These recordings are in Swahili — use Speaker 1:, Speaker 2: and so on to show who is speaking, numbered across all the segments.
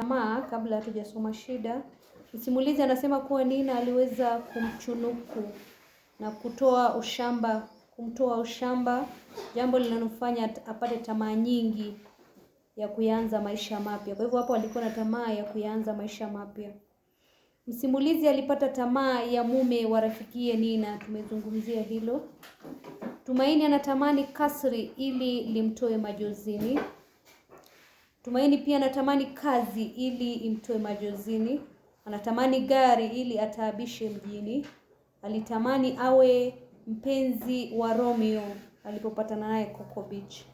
Speaker 1: tamaa kabla hatujasoma shida. Msimulizi anasema kuwa Nina aliweza kumchunuku na kutoa ushamba, kumtoa ushamba, jambo linalofanya apate tamaa nyingi ya kuyaanza maisha mapya. Kwa hivyo hapo alikuwa na tamaa ya kuyaanza maisha mapya. Msimulizi alipata tamaa ya mume wa rafikiye Nina, tumezungumzia hilo. Tumaini anatamani kasri ili limtoe majozini. Tumaini pia anatamani kazi ili imtoe majozini, anatamani gari ili ataabishe mjini, alitamani awe mpenzi wa Romeo alipopatana naye Coco Beach.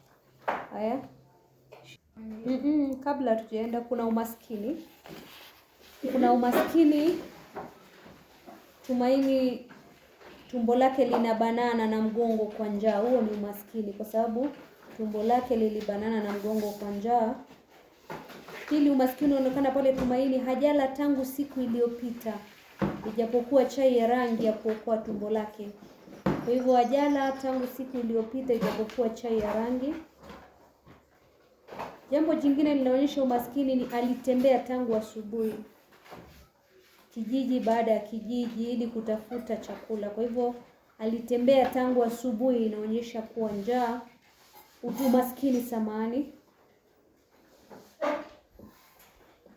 Speaker 1: Haya, mm -mm, kabla tujaenda kuna umaskini, kuna umaskini. Tumaini tumbo lake lina banana na mgongo kwa njaa, huo ni umaskini kwa sababu tumbo lake lilibanana na mgongo kwa njaa. Pili, umaskini unaonekana pale Tumaini hajala tangu siku iliyopita, ijapokuwa chai ya rangi ya kuokoa tumbo lake. Kwa hivyo hajala tangu siku iliyopita, ijapokuwa chai ya rangi. Jambo jingine linaonyesha umaskini ni alitembea tangu asubuhi, kijiji baada ya kijiji, ili kutafuta chakula. Kwa hivyo alitembea tangu asubuhi, inaonyesha kuwa njaa umaskini samani.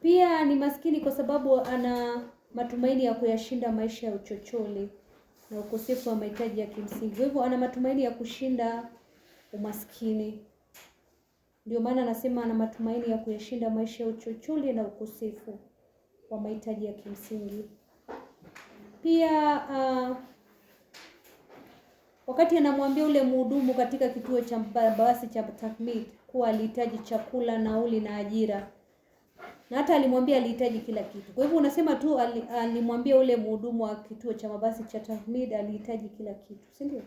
Speaker 1: Pia ni maskini kwa sababu ana matumaini ya kuyashinda maisha ya uchochole na ukosefu wa mahitaji ya kimsingi. Kwa hivyo ana matumaini ya kushinda umaskini, ndio maana anasema ana matumaini ya kuyashinda maisha ya uchochole na ukosefu wa mahitaji ya kimsingi pia uh, Wakati anamwambia ule mhudumu katika kituo cha basi cha Takmil kuwa alihitaji chakula, nauli na ajira, na hata alimwambia alihitaji kila kitu. Kwa hivyo unasema tu alimwambia ule mhudumu wa kituo cha mabasi cha Tahmid alihitaji kila kitu, si ndio?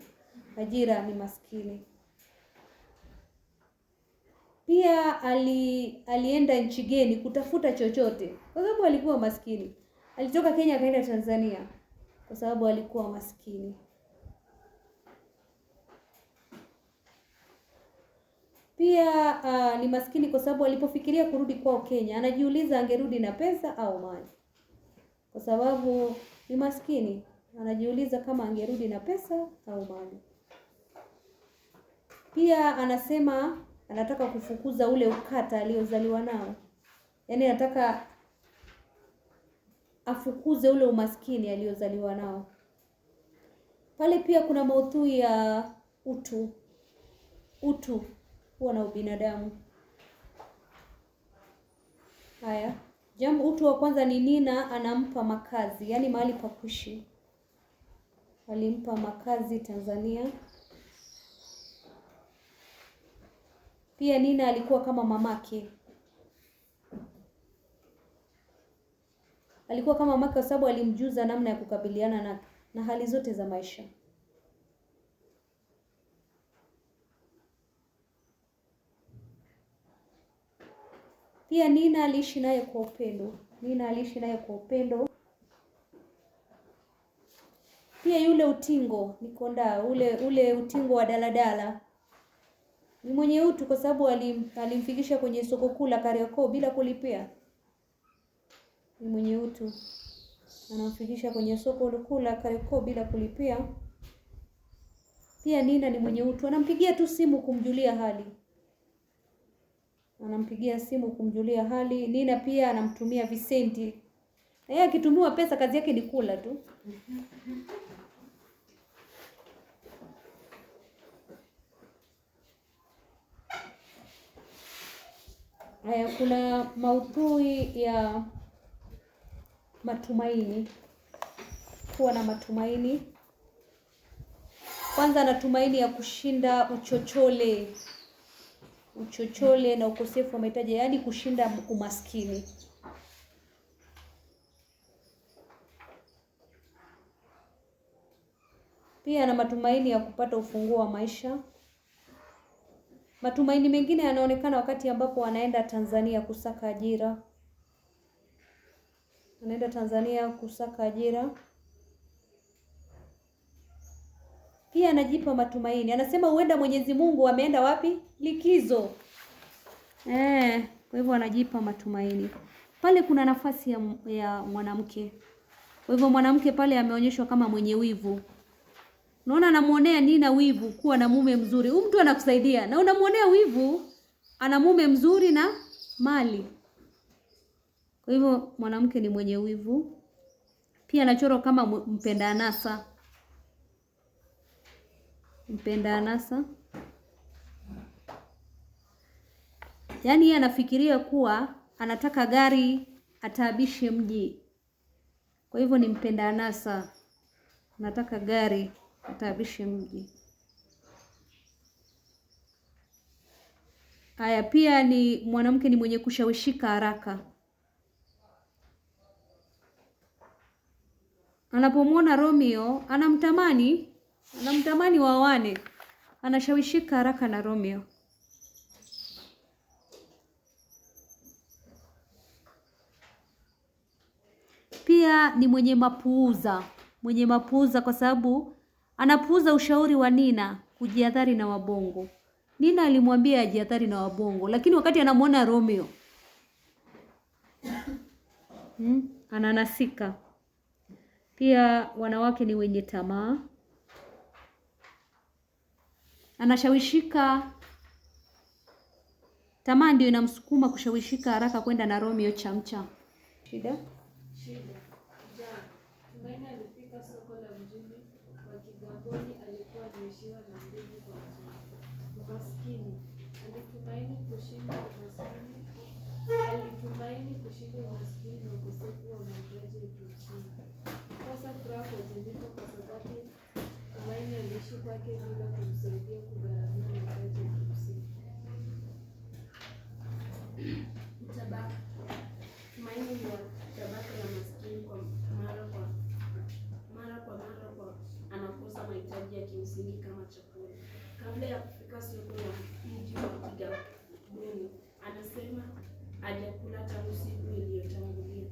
Speaker 1: Ajira ni maskini pia. Ali, alienda nchi geni kutafuta chochote kwa sababu alikuwa maskini. Alitoka Kenya akaenda Tanzania kwa sababu alikuwa maskini. Pia uh, ni maskini kwa sababu alipofikiria kurudi kwao Kenya, anajiuliza angerudi na pesa au mali. Kwa sababu ni maskini, anajiuliza kama angerudi na pesa au mali. Pia anasema anataka kufukuza ule ukata aliozaliwa nao, yaani anataka afukuze ule umaskini aliozaliwa nao. Pale pia kuna maudhui ya utu utu kuwa na ubinadamu. Haya, jambo utu wa kwanza ni Nina anampa makazi, yaani mahali pa kuishi. Alimpa makazi Tanzania. Pia Nina alikuwa kama mamake, alikuwa kama mamake kwa sababu alimjuza namna ya kukabiliana na, na hali zote za maisha. Pia Nina aliishi naye kwa upendo. Nina aliishi naye kwa upendo. Pia yule utingo Nikonda, ule ule utingo wa daladala ni mwenye utu, kwa sababu alim, alimfikisha kwenye soko kuu la Kariakoo bila kulipia. Ni mwenye utu, anamfikisha kwenye soko kuu la Kariakoo bila kulipia. Pia Nina ni mwenye utu, anampigia tu simu kumjulia hali anampigia simu kumjulia hali. Nina pia anamtumia visenti, na yeye akitumiwa pesa kazi yake ni kula tu. Haya, kuna maudhui ya matumaini, kuwa na matumaini. Kwanza anatumaini ya kushinda uchochole uchochole na ukosefu wa mahitaji, yaani kushinda umaskini. Pia ana matumaini ya kupata ufunguo wa maisha. Matumaini mengine yanaonekana wakati ambapo wanaenda Tanzania kusaka ajira, anaenda Tanzania kusaka ajira. pia anajipa matumaini, anasema huenda Mwenyezi Mungu ameenda wapi likizo eh, kwa hivyo anajipa matumaini pale. Kuna nafasi ya, ya mwanamke. Kwa hivyo mwanamke pale ameonyeshwa kama mwenye wivu. Unaona, anamuonea Nina wivu kuwa na mume mzuri. Huyu mtu anakusaidia na unamuonea wivu, ana mume mzuri na mali. Kwa hivyo mwanamke ni mwenye wivu, pia anachorwa kama mpenda anasa mpenda anasa. Yaani yeye anafikiria kuwa anataka gari ataabishe mji, kwa hivyo ni mpenda anasa, anataka gari ataabishe mji. Haya, pia ni mwanamke ni mwenye kushawishika haraka. Anapomwona Romeo anamtamani Anamtamani waoane, anashawishika haraka na Romeo. Pia ni mwenye mapuuza, mwenye mapuuza kwa sababu anapuuza ushauri wa Nina kujiadhari na wabongo. Nina alimwambia ajiadhari na wabongo, lakini wakati anamwona Romeo hmm, ananasika. Pia wanawake ni wenye tamaa anashawishika. Tamaa ndio inamsukuma kushawishika haraka kwenda na Romeo chamcha. Shida
Speaker 2: shida Tumaini alifika soko la mjini wa Kigamboni. Alikuwa ameishiwa na kwa Alitumaini kushinda alitumaini kushinda na ukosefu wa mahitaji furaha kwa kwa sababu Tumaini aliishi kwake bila kumsaidia msingi kama chakula. Kabla ya kufika soko la mji wa Kigamboni, anasema hajakula tangu siku iliyotangulia.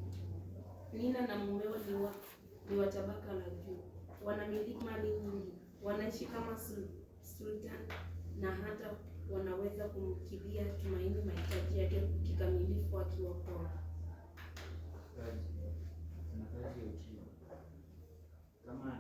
Speaker 2: Nina na mumeo ni wa tabaka la juu, wanamiliki mali nyingi, wanaishi kama sultan na hata wanaweza kumkidhia Tumaini mahitaji yake kikamilifu akiwa kwao. Kama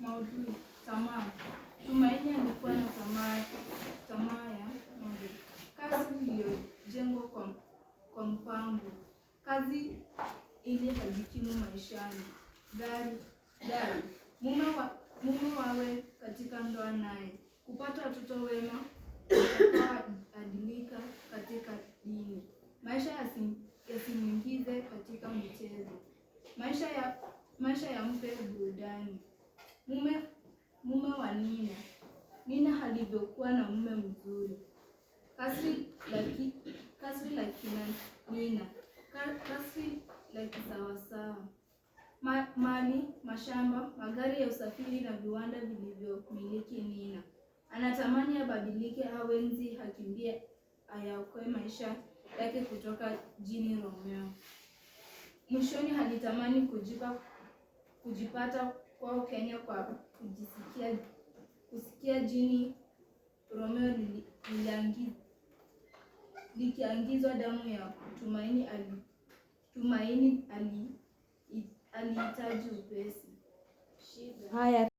Speaker 2: Maudhui, tamaa. Tumaini alikuwa na tamaa, tamaa ya maudhui, kazi iliyojengwa kwa, kwa mpango, kazi ile hajikimu maishani. Dari, dari mume wa, mume wawe katika ndoa naye kupata watoto wema, adilika katika dini, maisha yasimwingie awe katika michezo. Maisha ya maisha ya mke burudani. Mume mume wa Nina. Nina alivyokuwa na mume mzuri. Kasri laki kasri la kina Nina. Kasri la kisawasawa. Ma, mali, mashamba, magari ya usafiri na viwanda vilivyomiliki Nina. Anatamani abadilike, awenzi, hakimbie ayaokoe maisha yake kutoka jini Romeo. Mwishoni alitamani kujipa, kujipata kwao Kenya kwa kujisikia kusikia jini Romeo likiangizwa damu ya tumaini ali tumaini alihitaji upesi.
Speaker 1: Shida. Haya.